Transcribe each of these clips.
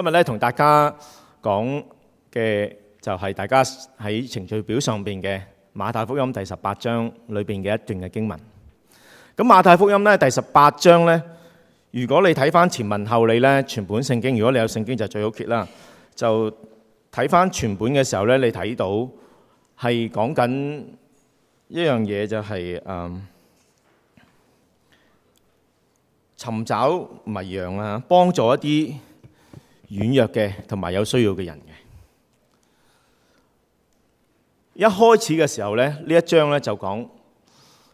今日咧同大家講嘅就係大家喺程序表上邊嘅馬太福音第十八章裏邊嘅一段嘅經文。咁馬太福音咧第十八章咧，如果你睇翻前文後理咧，全本聖經，如果你有聖經就最好揭啦。就睇翻全本嘅時候咧，你睇到係講緊一樣嘢就係、誒、嗯尋找迷羊啊，幫助一啲。軟弱嘅同埋有需要嘅人嘅。一開始嘅時候呢，呢一章呢就講，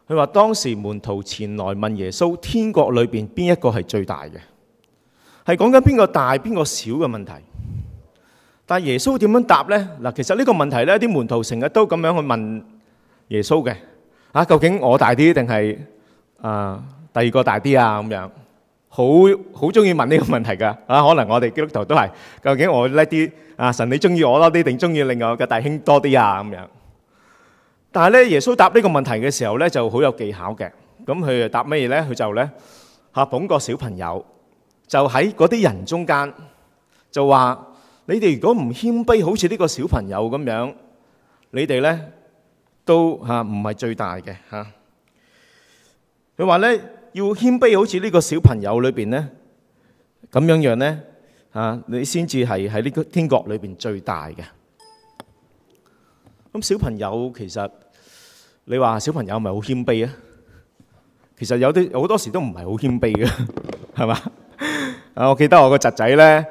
佢話當時門徒前來問耶穌，天國裏邊邊一個係最大嘅，係講緊邊個大邊個小嘅問題。但耶穌點樣答呢？嗱，其實呢個問題呢，啲門徒成日都咁樣去問耶穌嘅，啊，究竟我大啲定係啊第二個大啲啊咁樣？好好中意問呢個問題噶，啊，可能我哋基督徒都係，究竟我叻啲啊？神你中意我多啲定中意另外嘅弟兄多啲啊？咁樣。但係咧，耶穌答呢個問題嘅時候咧，就好有技巧嘅。咁佢答咩嘢咧？佢就咧吓捧個小朋友，就喺嗰啲人中間，就話：你哋如果唔謙卑，好似呢個小朋友咁樣，你哋咧都吓唔係最大嘅吓。佢話咧。要謙卑，好似呢個小朋友裏邊咧咁樣樣咧嚇，你先至係喺呢個天國裏邊最大嘅。咁小朋友其實你話小朋友咪好謙卑啊？其實有啲好多時都唔係好謙卑嘅，係嘛啊？我記得我個侄仔咧，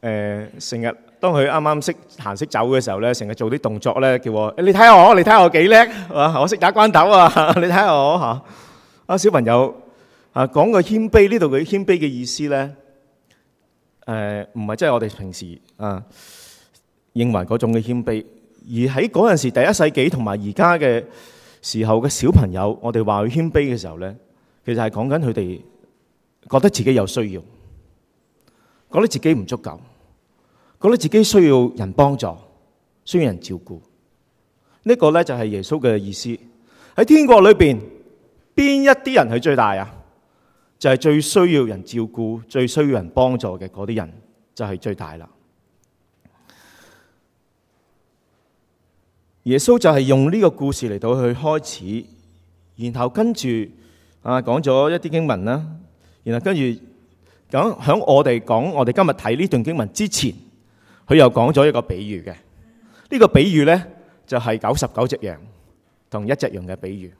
誒成日當佢啱啱識行識走嘅時候咧，成日做啲動作咧，叫我你睇下我，你睇下我幾叻係嘛？我識打關斗啊！你睇下我嚇啊！小朋友。啊，講個謙卑呢度嘅謙卑嘅意思咧，誒唔係即係我哋平時啊認為嗰種嘅謙卑，而喺嗰陣時第一世紀同埋而家嘅時候嘅小朋友，我哋話佢謙卑嘅時候咧，其實係講緊佢哋覺得自己有需要，覺得自己唔足夠，覺得自己需要人幫助，需要人照顧。這個、呢個咧就係、是、耶穌嘅意思。喺天國裏面，邊一啲人係最大啊？就係最需要人照顧、最需要人幫助嘅嗰啲人，就係、是、最大啦。耶穌就係用呢個故事嚟到去開始，然後跟住啊講咗一啲經文啦，然後跟住咁響我哋講。我哋今日睇呢段經文之前，佢又講咗一個比喻嘅呢、這個比喻呢，就係九十九隻羊同一隻羊嘅比喻，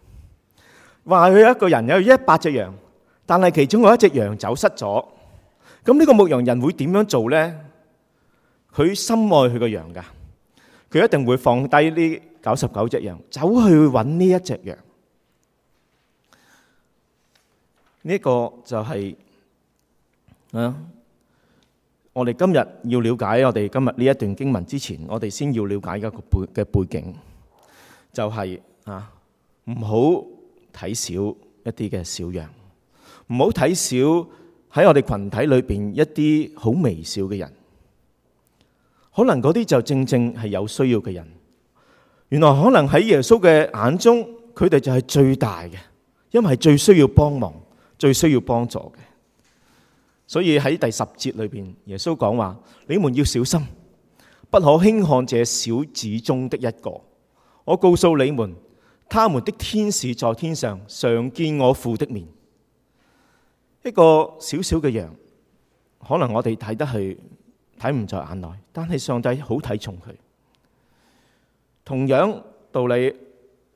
話佢一個人有一百隻羊。但係其中有一隻羊走失咗，咁呢個牧羊人會點樣做咧？佢深愛佢個羊噶，佢一定會放低呢九十九隻羊，走去搵呢一隻羊。呢一個就係啊，我哋今日要了解我哋今日呢一段經文之前，我哋先要了解一個背、嘅背景，就係啊，唔好睇少一啲嘅小羊。唔好睇少喺我哋群體裏邊一啲好微小嘅人，可能嗰啲就正正係有需要嘅人。原來可能喺耶穌嘅眼中，佢哋就係最大嘅，因為係最需要幫忙、最需要幫助嘅。所以喺第十節裏邊，耶穌講話：你們要小心，不可輕看這小子中的一個。我告訴你們，他們的天使在天上，常見我父的面。一個小小嘅羊，可能我哋睇得去睇唔在眼內，但係上帝好睇重佢。同樣道理，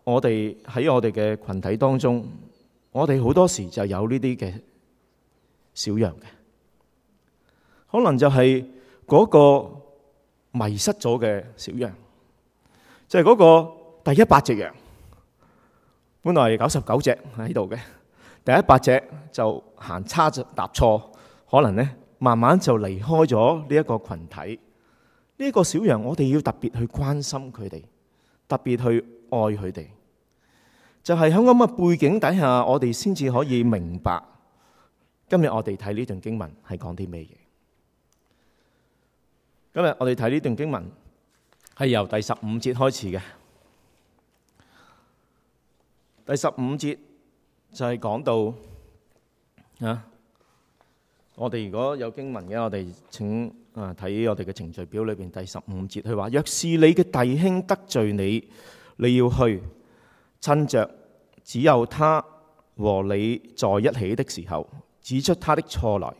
我哋喺我哋嘅群體當中，我哋好多時就有呢啲嘅小羊嘅，可能就係嗰個迷失咗嘅小羊，就係嗰個第一百隻羊，本來係九十九隻喺度嘅。第一百隻就行差踏錯，可能呢，慢慢就離開咗呢一個群體。呢、呢、一個小羊，我哋要特別去關心佢哋，特別去愛佢哋。就係喺咁嘅背景底下，我哋先至可以明白今日我哋睇呢段經文係講啲咩嘢。今日我哋睇呢段經文係由第十五節開始嘅，第十五節。就係講到啊，我哋如果有經文嘅，我哋請啊睇我哋嘅程序表裏邊第十五節他說，佢話若是你嘅弟兄得罪你，你要去趁着只有他和你在一起的時候，指出他的錯來。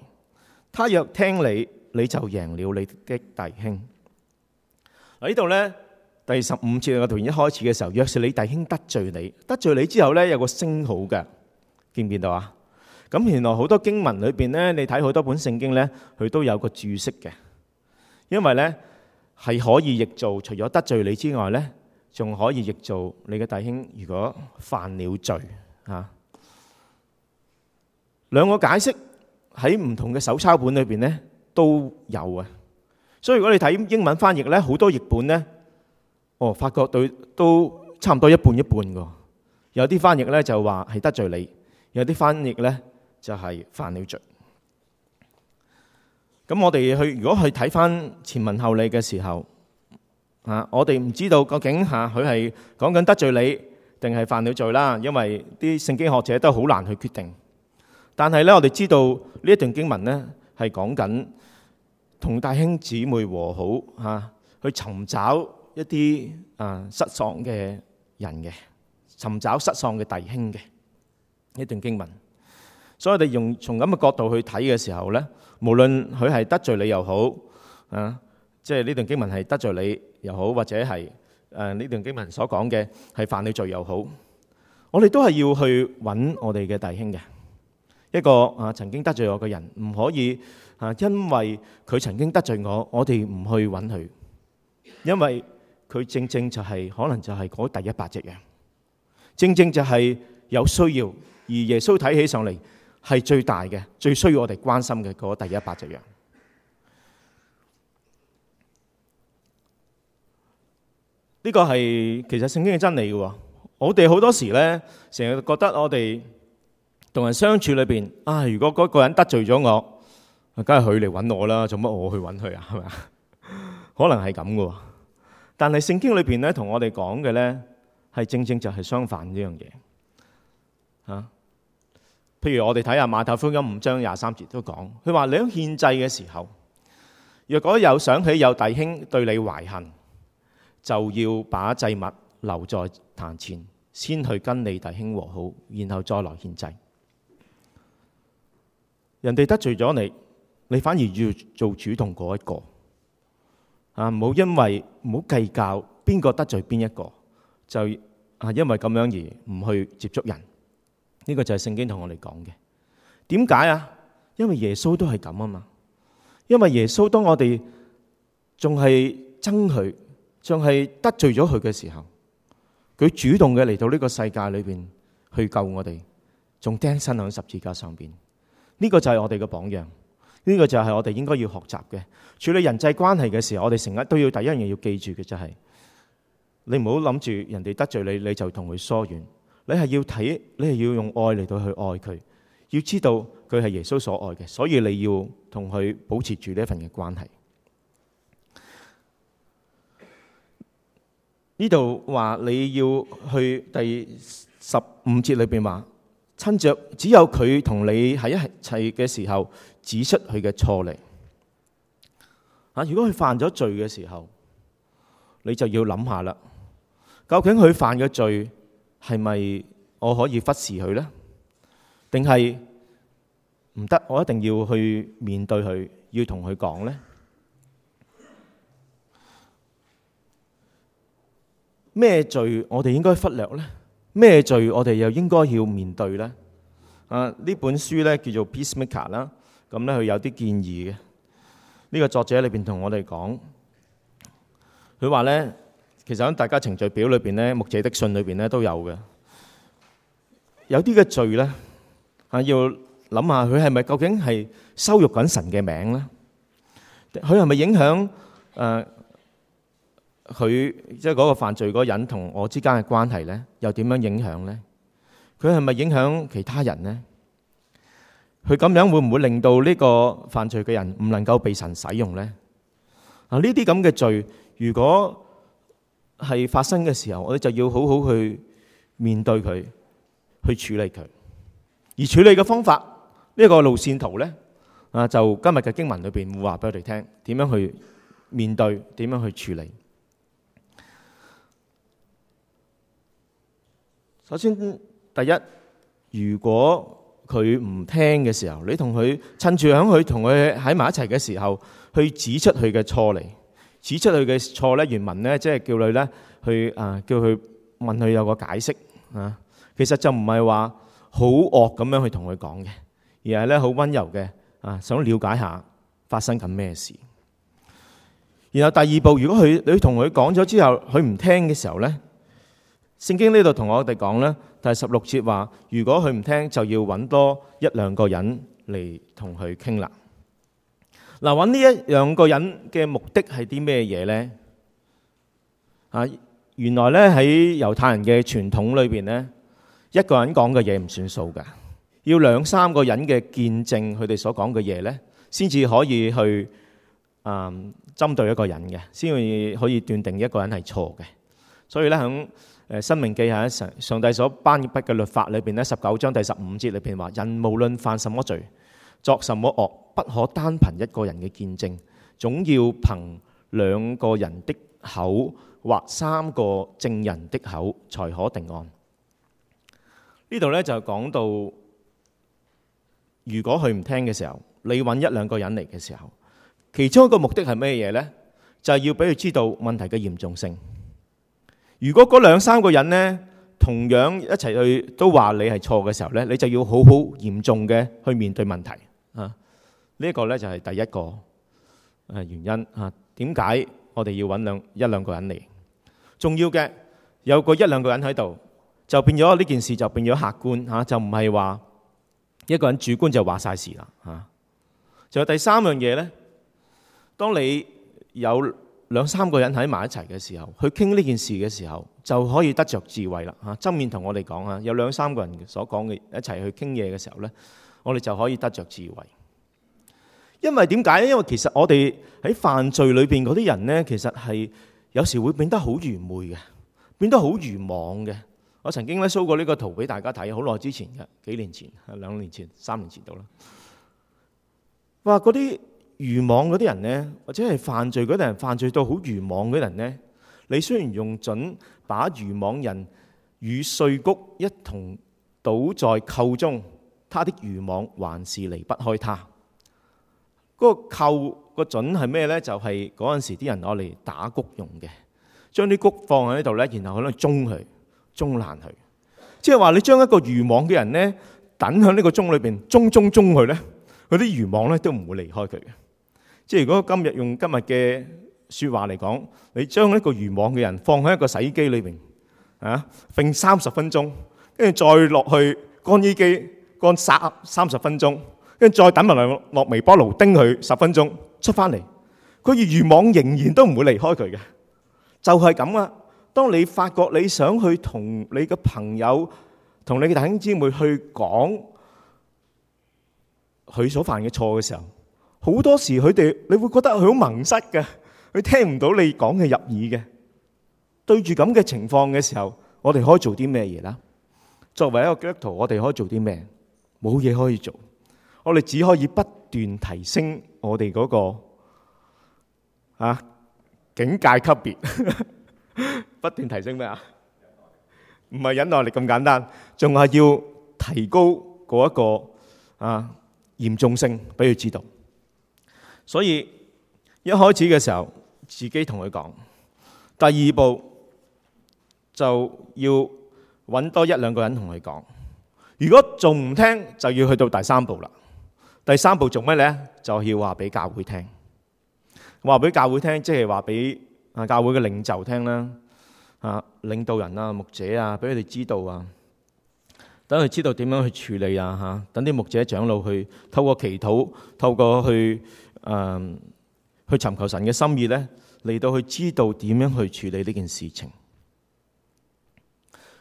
他若聽你，你就贏了你的弟兄。喺呢度呢，第十五節嘅嗰段一開始嘅時候，若是你弟兄得罪你，得罪你之後呢，有個星號嘅。見唔見到啊？咁原來好多經文裏邊呢，你睇好多本聖經呢，佢都有個註釋嘅，因為呢係可以譯做，除咗得罪你之外呢，仲可以譯做你嘅弟兄。如果犯了罪啊，兩個解釋喺唔同嘅手抄本裏邊呢都有啊。所以如果你睇英文翻譯呢，好多譯本呢，哦，發覺對都差唔多一半一半㗎，有啲翻譯呢就話係得罪你。有啲翻譯呢，就係、是、犯了罪。咁我哋去如果去睇翻前文後理嘅時候，啊，我哋唔知道究竟吓佢係講緊得罪你定係犯了罪啦。因為啲聖經學者都好難去決定。但係呢，我哋知道呢一段經文呢，係講緊同弟兄姊妹和好吓，去尋找一啲啊失喪嘅人嘅，尋找失喪嘅弟兄嘅。一段經文，所以我哋用從咁嘅角度去睇嘅時候呢，無論佢係得罪你又好，啊，即係呢段經文係得罪你又好，或者係誒呢段經文所講嘅係犯你罪又好，我哋都係要去揾我哋嘅弟兄嘅一個啊曾經得罪我嘅人，唔可以啊因為佢曾經得罪我，我哋唔去揾佢，因為佢正正就係可能就係嗰第一百隻羊，正正就係。有需要，而耶穌睇起上嚟係最大嘅、最需要我哋關心嘅嗰第一百隻羊。呢個係其實聖經嘅真理嘅。我哋好多時咧，成日覺得我哋同人相處裏邊啊，如果嗰個人得罪咗我，梗係佢嚟揾我啦，做乜我去揾佢啊？係咪啊？可能係咁嘅，但係聖經裏邊咧，同我哋講嘅咧，係正正就係相反呢樣嘢。啊，譬如我哋睇下馬太福音五章廿三節都講，佢話你喺獻祭嘅時候，若果有想起有弟兄對你懷恨，就要把祭物留在壇前，先去跟你弟兄和好，然後再來獻祭。人哋得罪咗你，你反而要做主動嗰一個。啊，唔好因為唔好計較邊個得罪邊一個，就啊因為咁樣而唔去接觸人。呢個就係聖經同我哋講嘅，點解啊？因為耶穌都係咁啊嘛，因為耶穌當我哋仲係憎佢，仲係得罪咗佢嘅時候，佢主動嘅嚟到呢個世界裏邊去救我哋，仲釘身喺十字架上邊。呢個就係我哋嘅榜樣，呢個就係我哋應該要學習嘅。處理人際關係嘅時候，我哋成日都要第一樣嘢要記住嘅就係，你唔好諗住人哋得罪你，你就同佢疏遠。你係要睇，你係要用愛嚟到去愛佢，要知道佢係耶穌所愛嘅，所以你要同佢保持住呢一份嘅關係。呢度話你要去第十五節裏邊話，親着只有佢同你喺一齊嘅時候，指出佢嘅錯嚟。啊，如果佢犯咗罪嘅時候，你就要諗下啦，究竟佢犯嘅罪？係咪我可以忽視佢咧？定係唔得？我一定要去面對佢，要同佢講咧？咩罪我哋應該忽略咧？咩罪我哋又應該要面對咧？啊！呢本書咧叫做《Peace Maker》啦，咁咧佢有啲建議嘅。呢、呢個作者裏邊同我哋講，佢話咧。其實喺大家程序表裏邊咧，《木製的信》裏邊咧都有嘅。有啲嘅罪咧，啊，要諗下佢係咪究竟係羞辱緊神嘅名咧？佢係咪影響誒佢即係嗰個犯罪嗰人同我之間嘅關係咧？又點樣影響咧？佢係咪影響其他人咧？佢咁樣會唔會令到呢個犯罪嘅人唔能夠被神使用咧？啊，呢啲咁嘅罪，如果係發生嘅時候，我哋就要好好去面對佢，去處理佢。而處理嘅方法，呢個路線圖呢，啊，就今日嘅經文裏邊會話俾我哋聽，點樣去面對，點樣去處理。首先，第一，如果佢唔聽嘅時候，你同佢趁住喺佢同佢喺埋一齊嘅時候，去指出佢嘅錯嚟。指出佢嘅錯咧，原文咧即係叫佢咧去啊，叫佢問佢有個解釋啊。其實就唔係話好惡咁樣去同佢講嘅，而係咧好溫柔嘅啊，想了解下發生緊咩事。然後第二步，如果佢你同佢講咗之後，佢唔聽嘅時候咧，聖經呢度同我哋講咧，第十六節話，如果佢唔聽，就要揾多一兩個人嚟同佢傾啦。嗱，揾呢一兩個人嘅目的係啲咩嘢呢？啊，原來咧喺猶太人嘅傳統裏邊咧，一個人講嘅嘢唔算數噶，要兩三個人嘅見證他們所的，佢哋所講嘅嘢咧，先至可以去啊呃、針對一個人嘅，先至可以斷定一個人係錯嘅。所以咧，喺誒《申命記》啊上帝所頒布嘅律法裏邊咧，十九章第十五節裏邊話：人無論犯什麼罪，作什麼惡，不可單憑一個人嘅見證，總要憑兩個人的口或三個證人的口才可定案。這裏呢度咧就講到，如果佢唔聽嘅時候，你揾一兩個人嚟嘅時候，其中一個目的係咩嘢呢？就係、是、要俾佢知道問題嘅嚴重性。如果嗰兩三個人呢，同樣一齊去都話你係錯嘅時候呢，你就要好好嚴重嘅去面對問題。呢一個咧就係第一個誒原因啊。點解我哋要揾兩一兩個人嚟？重要嘅有個一兩個人喺度，就變咗呢件事就變咗客觀吓，就唔係話一個人主觀就話晒事啦。吓，仲有第三樣嘢呢，當你有兩三個人喺埋一齊嘅時候，去傾呢件事嘅時候，就可以得着智慧啦。吓，側面同我哋講呀，有兩三個人所講嘅一齊去傾嘢嘅時候呢。我哋就可以得着智慧，因為點解咧？因為其實我哋喺犯罪裏邊嗰啲人呢，其實係有時會變得好愚昧嘅，變得好愚妄嘅。我曾經咧 show 過呢個圖俾大家睇，好耐之前嘅，幾年前、兩年前、三年前度啦。話嗰啲愚妄嗰啲人呢，或者係犯罪嗰啲人，犯罪到好愚妄嗰啲人呢，你雖然用杵把愚妄人與碎谷一同倒在臼中。他的愚妄還是離不開他。嗰個臼個准係咩咧？就係嗰陣時啲人攞嚟打穀用嘅，將啲穀放喺呢度咧，然後佢咧舂佢，舂爛佢。即係話你將一個愚妄嘅人咧，等喺呢個臼裏邊，舂舂舂佢咧，佢啲愚妄咧都唔會離開佢嘅。即係如果今日用今日嘅說話嚟講，你將呢個愚妄嘅人放喺一個洗衣機裏邊啊，放三十分鐘，跟住再落去乾衣機。乾三三十分鐘，跟住再等埋落落微波爐叮佢十分鐘，出翻嚟，佢魚網仍然都唔會離開佢嘅，就係咁啊！當你發覺你想去同你嘅朋友、同你嘅弟兄姊妹去講佢所犯嘅錯嘅時候，好多時佢哋你會覺得佢好蒙塞嘅，佢聽唔到你講嘅入耳嘅。對住咁嘅情況嘅時候，我哋可以做啲咩嘢啦？作為一個基督徒，我哋可以做啲咩？冇嘢可以做，我哋只可以不斷提升我哋嗰個啊境界級別，不斷提升咩啊？唔係忍耐力咁簡單，仲係要提高嗰一個啊嚴重性，俾佢知道。所以一開始嘅時候，自己同佢講，第二步就要揾多一兩個人同佢講。如果仲唔聽，就要去到第三步啦。第三步做咩呢？就要話俾教會聽，話俾教會聽，即係話俾啊教會嘅領袖聽啦，啊領導人啊、牧者啊，俾佢哋知道啊，等佢知道點樣去處理啊，吓，等啲牧者長老去透過祈禱，透過去誒、呃、去尋求神嘅心意呢，嚟到去知道點樣去處理呢件事情。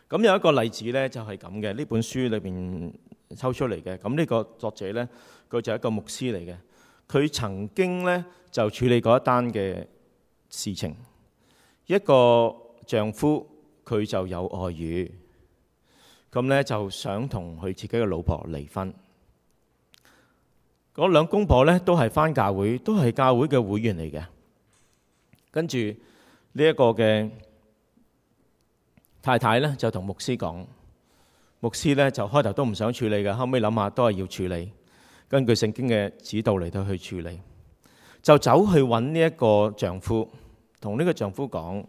咁有一個例子呢，就係咁嘅。呢本書裏邊抽出嚟嘅。咁呢個作者呢，佢就係一個牧師嚟嘅。佢曾經呢，就處理過一單嘅事情。一個丈夫佢就有外遇，咁呢就想同佢自己嘅老婆離婚。嗰兩公婆呢，都係返教會，都係教會嘅會員嚟嘅。跟住呢一個嘅。太太咧就同牧師講，牧師咧就開頭都唔想處理嘅，後尾諗下都係要處理，根據聖經嘅指導嚟到去處理，就走去搵呢一個丈夫，同呢個丈夫講：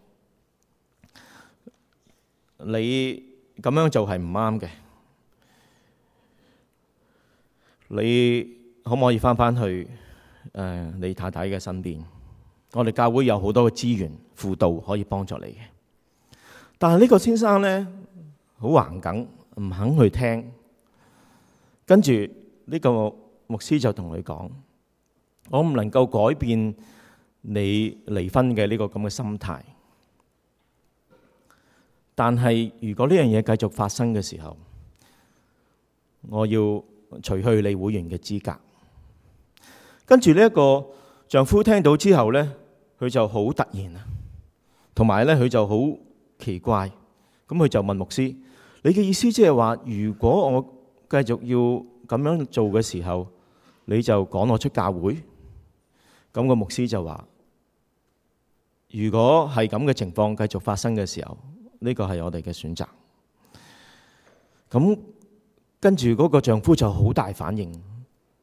你咁樣做係唔啱嘅，你可唔可以返返去誒你太太嘅身邊？我哋教會有好多嘅資源輔導可以幫助你嘅。但係呢個先生咧好橫梗，唔肯去聽。跟住呢個牧師就同佢講：我唔能夠改變你離婚嘅呢個咁嘅心態。但係如果呢樣嘢繼續發生嘅時候，我要除去你會員嘅資格。跟住呢一個丈夫聽到之後咧，佢就好突然啊，同埋咧佢就好。奇怪，咁佢就問牧師：你嘅意思即係話，如果我繼續要咁樣做嘅時候，你就趕我出教會？咁個牧師就話：如果係咁嘅情況繼續發生嘅時候，呢個係我哋嘅選擇。咁跟住嗰個丈夫就好大反應，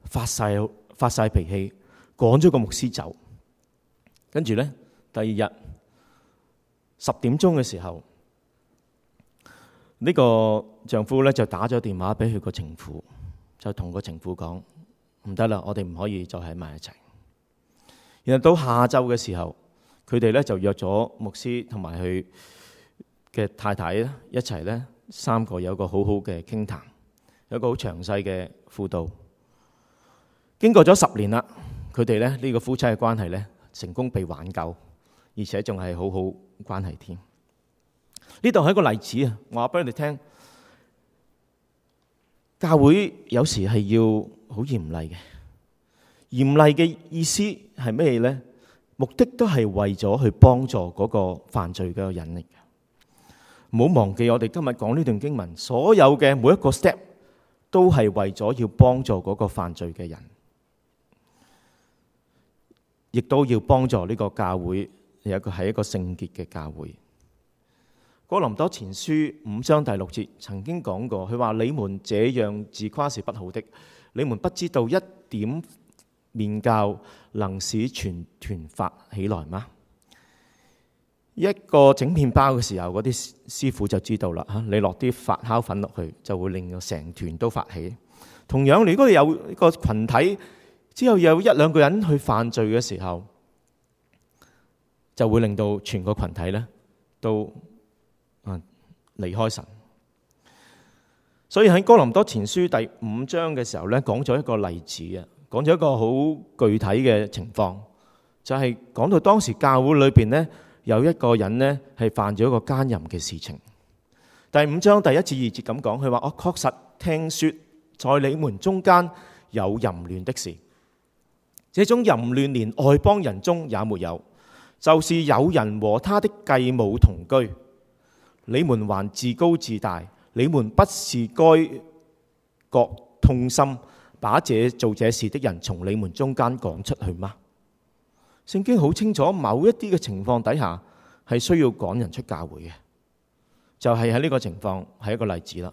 發晒發晒脾氣，趕咗個牧師走。跟住咧，第二日。十點鐘嘅時候，呢個丈夫咧就打咗電話俾佢個情婦，就同個情婦講唔得啦，我哋唔可以再喺埋一齊。然後到下晝嘅時候，佢哋咧就約咗牧師同埋佢嘅太太一齊咧，三個有個好好嘅傾談，有一個好詳細嘅輔導。經過咗十年啦，佢哋咧呢個夫妻嘅關係咧成功被挽救。而且仲係好好關係添。呢度係一個例子啊！我話俾你哋聽，教會有時係要好嚴厲嘅。嚴厲嘅意思係咩呢？目的都係為咗去幫助嗰個犯罪嘅人嚟。唔好忘記，我哋今日講呢段經文，所有嘅每一個 step 都係為咗要幫助嗰個犯罪嘅人，亦都要幫助呢個教會。有一個係一個聖潔嘅教會，《哥林多前書》五章第六節曾經講過，佢話：你們這樣自誇是不好的。你們不知道一點麵教能使全團發起來嗎？一個整麵包嘅時候，嗰啲師傅就知道啦。吓，你落啲發酵粉落去，就會令到成團都發起。同樣，如果你有一個群體，之後有一兩個人去犯罪嘅時候，就會令到全個群體咧，都、啊、離開神。所以喺哥林多前書第五章嘅時候咧，講咗一個例子啊，講咗一個好具體嘅情況，就係、是、講到當時教會裏邊呢，有一個人呢係犯咗一個奸淫嘅事情。第五章第一次二節咁講，佢話，我確實聽說在你們中間有淫亂的事，這種淫亂連外邦人中也沒有。就是有人和他的繼母同居，你們還自高自大，你們不是該覺痛心，把這做這事的人從你們中間趕出去嗎？聖經好清楚，某一啲嘅情況底下係需要趕人出教會嘅，就係喺呢個情況係一個例子啦。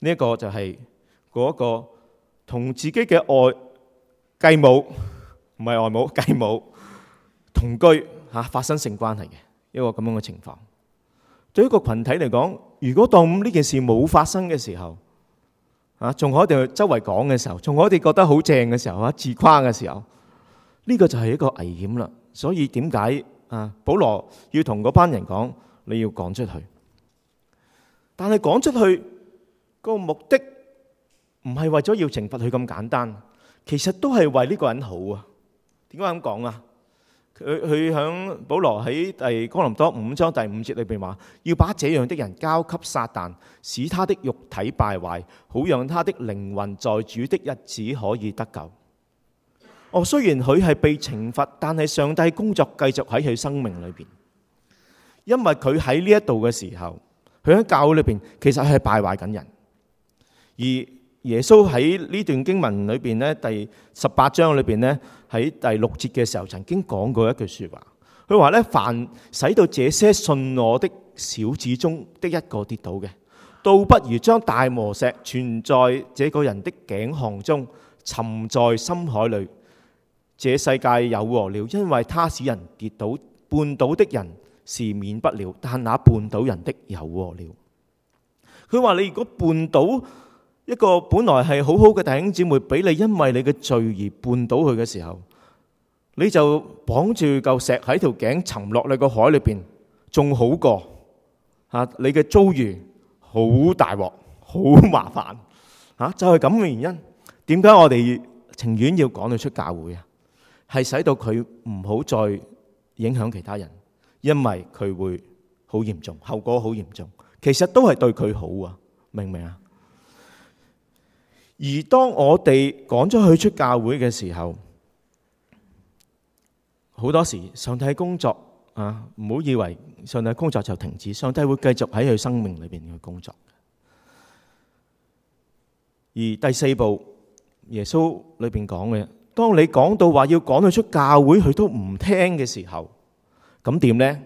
呢、這、一個就係嗰、那個同自己嘅外繼母，唔係外母繼母同居。吓發生性關係嘅一個咁樣嘅情況，對於一個群體嚟講，如果當呢件事冇發生嘅時候，啊，仲可以周圍講嘅時候，仲可以覺得好正嘅時候啊，自誇嘅時候，呢個就係一個危險啦。所以點解啊？保羅要同嗰班人講，你要講出去。但係講出去個目的唔係為咗要懲罰佢咁簡單，其實都係為呢個人好啊。點解咁講啊？佢佢喺保羅喺第哥林多五章第五節裏邊話，要把這樣的人交給撒旦，使他的肉體敗壞，好讓他的靈魂在主的日子可以得救。哦，雖然佢係被懲罰，但係上帝工作繼續喺佢生命裏邊，因為佢喺呢一度嘅時候，佢喺教會裏邊其實係敗壞緊人而。耶穌喺呢段經文裏邊呢，第十八章裏邊呢，喺第六節嘅時候曾經講過一句説話。佢話呢，凡使到這些信我的小子中的一個跌倒嘅，倒不如將大磨石存在這個人的頸項中，沉在深海裏。這世界有禍了，因為他使人跌倒、絆倒的人是免不了，但那絆倒人的有禍了。佢話：你如果絆倒，一個本來係好好嘅弟兄姊妹，俾你因為你嘅罪而絆倒佢嘅時候，你就綁住嚿石喺條頸沉落你個海裏邊，仲好過吓，你嘅遭遇好大鑊、好麻煩吓。就係咁嘅原因，點解我哋情願要趕佢出教會啊？係使到佢唔好再影響其他人，因為佢會好嚴重，後果好嚴重。其實都係對佢好啊，明唔明啊？而當我哋趕咗佢出教會嘅時候，好多時上帝工作啊，唔好以為上帝工作就停止，上帝會繼續喺佢生命裏面去工作。而第四步耶穌裏面講嘅，當你講到話要趕佢出教會，佢都唔聽嘅時候，咁點呢？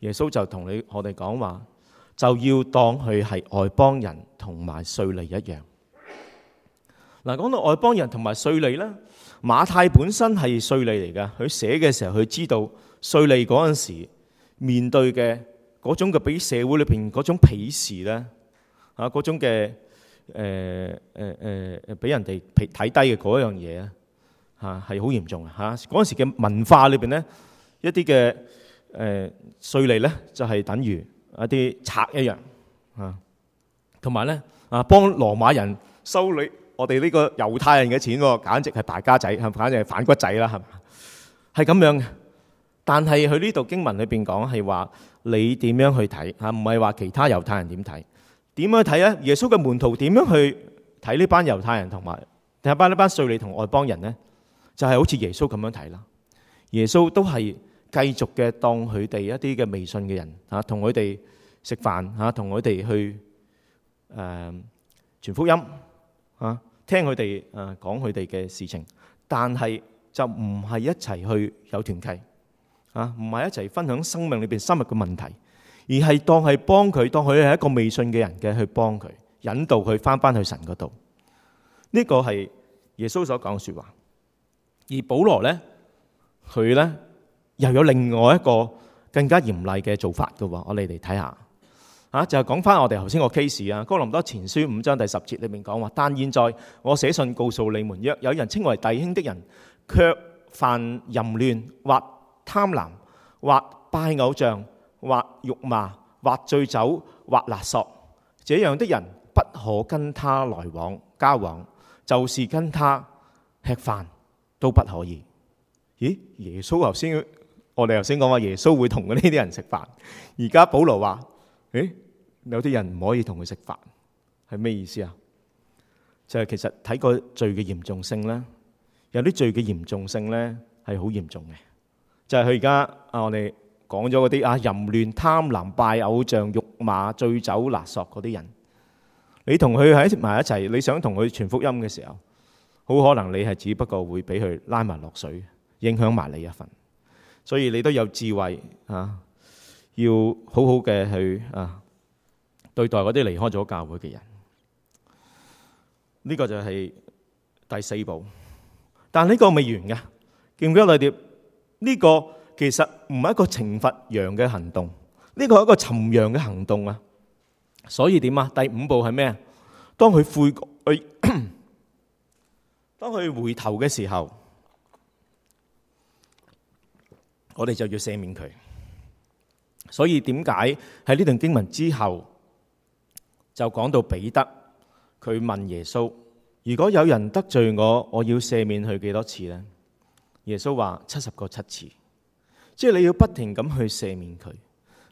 耶穌就同你我哋講話，就要當佢係外邦人同埋稅吏一樣。嗱，講到外邦人同埋稅吏咧，馬太本身係稅吏嚟㗎。佢寫嘅時候，佢知道稅吏嗰陣時面對嘅嗰種嘅，俾社會裏邊嗰種鄙視咧，啊，嗰種嘅誒誒誒，俾、呃呃、人哋睇低嘅嗰樣嘢咧，嚇係好嚴重啊！嚇嗰陣時嘅文化裏邊咧，一啲嘅誒稅吏咧，就係、是、等於一啲賊一樣啊。同埋咧啊，幫羅馬人收稅。我哋呢個猶太人嘅錢喎，簡直係敗家仔，係反正係反骨仔啦，係嘛？係咁樣。但係佢呢度經文裏邊講係話，是說你點樣去睇嚇？唔係話其他猶太人點睇？點樣睇啊？耶穌嘅門徒點樣去睇呢班猶太人同埋呢班呢班稅吏同外邦人咧？就係、是、好似耶穌咁樣睇啦。耶穌都係繼續嘅當佢哋一啲嘅未信嘅人嚇，同佢哋食飯嚇，同佢哋去誒傳、呃、福音嚇。啊聽佢哋誒講佢哋嘅事情，但係就唔係一齊去有團契啊，唔係一齊分享生命裏邊深入嘅問題，而係當係幫佢，當佢係一個未信嘅人嘅去幫佢，引導佢翻返去神嗰度。呢個係耶穌所講嘅說話，而保羅呢，佢呢又有另外一個更加嚴厲嘅做法嘅話，我哋嚟睇下。啊，就係講翻我哋頭先個 case 啊，《哥林多前書》五章第十節裏面講話，但現在我寫信告訴你們，若有人稱為弟兄的人，卻犯淫亂或貪婪或拜偶像或辱罵或醉酒或勒索，這樣的人不可跟他來往交往，就是跟他吃飯都不可以。咦？耶穌頭先我哋頭先講話，耶穌會同呢啲人食飯，而家保羅話。誒，有啲人唔可以同佢食飯，係咩意思啊？就係、是、其實睇個罪嘅嚴重性啦，有啲罪嘅嚴重性咧係好嚴重嘅，就係佢而家啊，我哋講咗嗰啲啊，淫亂、貪婪、拜偶像、辱罵、醉酒、勒索嗰啲人，你同佢喺埋一齊，你想同佢傳福音嘅時候，好可能你係只不過會俾佢拉埋落水，影響埋你一份，所以你都有智慧啊。要好好嘅去啊，對待嗰啲離開咗教會嘅人，呢個就係第四步。但呢個未完㗎，見唔見到內碟？呢個其實唔係一個懲罰羊嘅行動，呢個係一個尋羊嘅行動啊！所以點啊？第五步係咩啊？當佢悔改，當佢回頭嘅時候，我哋就要赦免佢。所以點解喺呢段經文之後就講到彼得佢問耶穌：如果有人得罪我，我要赦免佢幾多次呢？」耶穌話七十個七次，即係你要不停咁去赦免佢。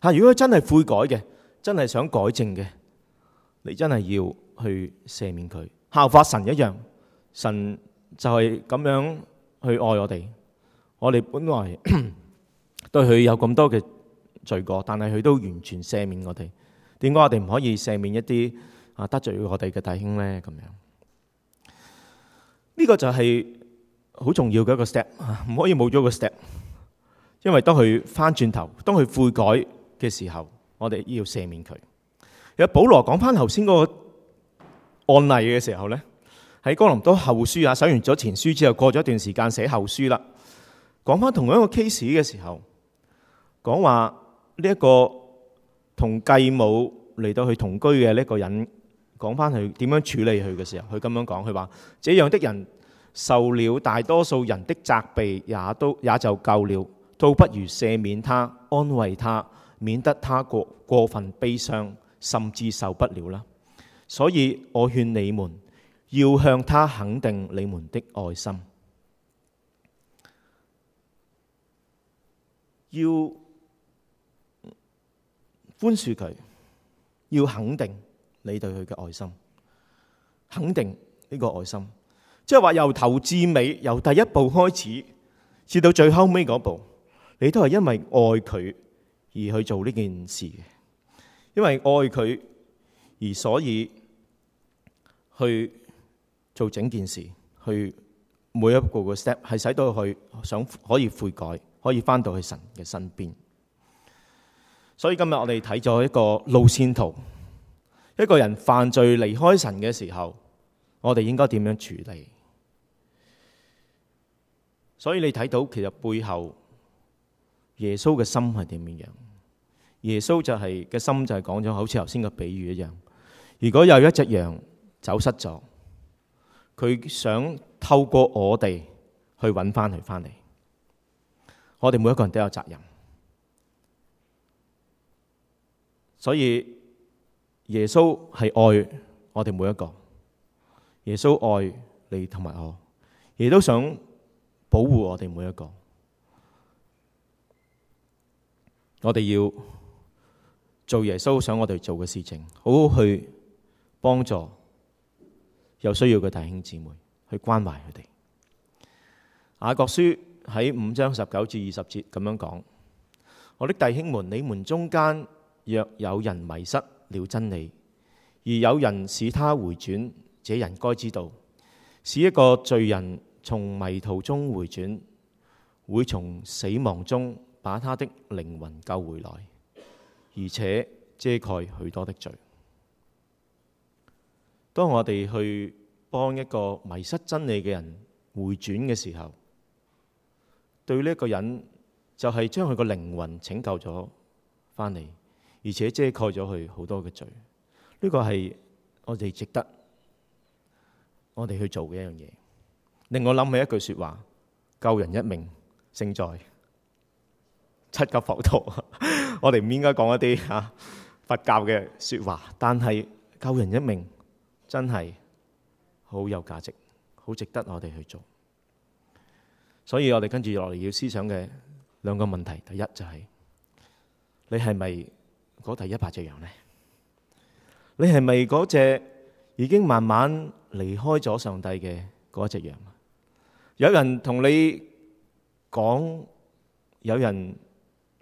吓，如果佢真係悔改嘅，真係想改正嘅，你真係要去赦免佢，效法神一樣。神就係咁樣去愛我哋。我哋本來咳咳對佢有咁多嘅。罪過，但係佢都完全赦免我哋。點解我哋唔可以赦免一啲啊得罪我哋嘅弟兄呢？咁樣呢、這個就係好重要嘅一個 step，唔可以冇咗個 step。因為當佢翻轉頭，當佢悔改嘅時候，我哋要赦免佢。有保羅講翻頭先嗰個案例嘅時候呢，喺哥林多後書啊，寫完咗前書之後，過咗一段時間寫後書啦，講翻同一個 case 嘅時候，講話。呢一個同繼母嚟到佢同居嘅呢個人，講翻佢點樣處理佢嘅時候，佢咁樣講，佢話這樣的人受了大多數人的責備，也都也就夠了，倒不如赦免他，安慰他，免得他過過分悲傷，甚至受不了啦。所以我勸你們要向他肯定你們的愛心，要。寬恕佢，要肯定你對佢嘅愛心，肯定呢個愛心，即係話由頭至尾，由第一步開始，至到最後尾嗰步，你都係因為愛佢而去做呢件事嘅，因為愛佢而所以去做整件事，去每一步個 step 係使到佢想可以悔改，可以翻到去神嘅身邊。所以今日我哋睇咗一個路線圖，一個人犯罪離開神嘅時候，我哋應該點樣處理？所以你睇到其實背後耶穌嘅心係點樣？耶穌就係嘅心就係講咗，好似頭先個比喻一樣。如果有一隻羊走失咗，佢想透過我哋去搵翻佢翻嚟，我哋每一個人都有責任。所以耶穌係愛我哋每一個，耶穌愛你同埋我，亦都想保護我哋每一個。我哋要做耶穌想我哋做嘅事情，好好去幫助有需要嘅弟兄姊妹，去關懷佢哋。雅各書喺五章十九至二十節咁樣講：我的弟兄們，你們中間。若有人迷失了真理，而有人使他回轉，這人該知道，使一個罪人從迷途中回轉，會從死亡中把他的靈魂救回來，而且遮蓋許多的罪。當我哋去幫一個迷失真理嘅人回轉嘅時候，對呢個人就係將佢個靈魂拯救咗翻嚟。而且遮蓋咗佢好多嘅罪，呢個係我哋值得我哋去做嘅一樣嘢。令我諗起一句說話：救人一命，勝在七級浮屠。我哋唔應該講一啲吓佛教嘅說話，但係救人一命真係好有價值，好值得我哋去做。所以我哋跟住落嚟要思想嘅兩個問題，第一就係你係咪？嗰第一百隻羊呢，你係咪嗰隻已經慢慢離開咗上帝嘅嗰一隻羊？有人同你講，有人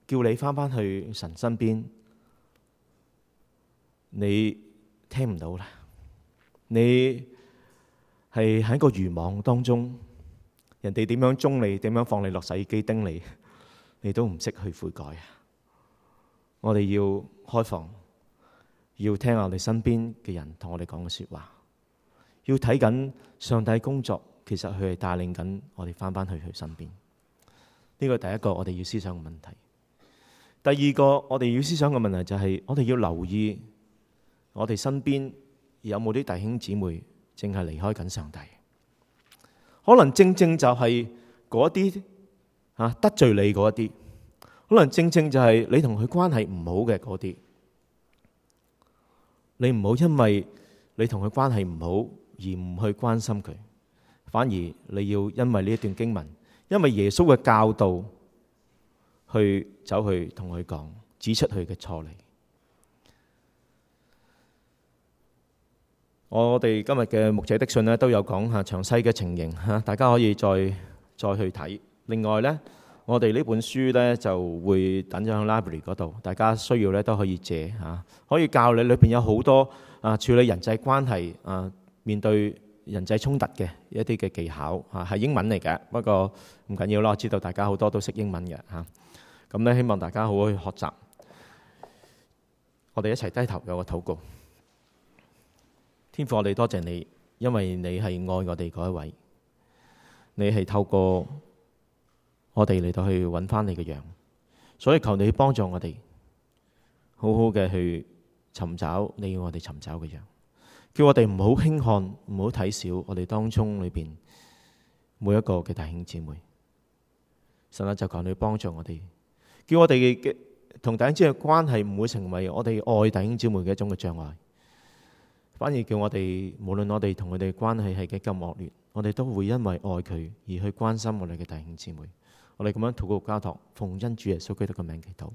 叫你翻返去神身邊，你聽唔到啦。你係喺個漁網當中，人哋點樣捉你，點樣放你落洗衣機叮你，你都唔識去悔改啊！我哋要開放，要聽下我哋身邊嘅人同我哋講嘅說的話，要睇緊上帝的工作。其實佢係帶領緊我哋翻返去佢身邊。呢個第一個我哋要思想嘅問題。第二個我哋要思想嘅問題就係我哋要留意我哋身邊有冇啲弟兄姊妹正係離開緊上帝。可能正正就係嗰啲，得罪你嗰啲。可能正正就係你同佢關係唔好嘅嗰啲，你唔好因為你同佢關係唔好而唔去關心佢，反而你要因為呢一段經文，因為耶穌嘅教導，去走去同佢講，指出佢嘅錯嚟。我哋今日嘅牧者的信呢都有講下詳細嘅情形吓，大家可以再再去睇。另外呢。我哋呢本書呢，就會等咗喺 library 嗰度，大家需要呢都可以借嚇、啊，可以教你裏邊有好多啊處理人際關係啊面對人際衝突嘅一啲嘅技巧嚇，係、啊、英文嚟嘅，不過唔緊要啦，我知道大家好多都識英文嘅嚇，咁、啊、呢，希望大家好好去學習。我哋一齊低頭有個禱告，天父，我哋多謝你，因為你係愛我哋嗰一位，你係透過。我哋嚟到去揾翻你嘅羊，所以求你幫助我哋，好好嘅去尋找你要我哋尋找嘅羊，叫我哋唔好輕看，唔好睇小我哋當中裏邊每一個嘅弟兄姊妹。神啊，就求你幫助我哋，叫我哋嘅同弟兄姐妹關係唔會成為我哋愛弟兄姐妹嘅一種嘅障礙，反而叫我哋無論我哋同佢哋關係係幾咁惡劣，我哋都會因為愛佢而去關心我哋嘅弟兄姊妹。我哋咁樣禱告交託，奉恩主耶穌基督嘅名祈禱。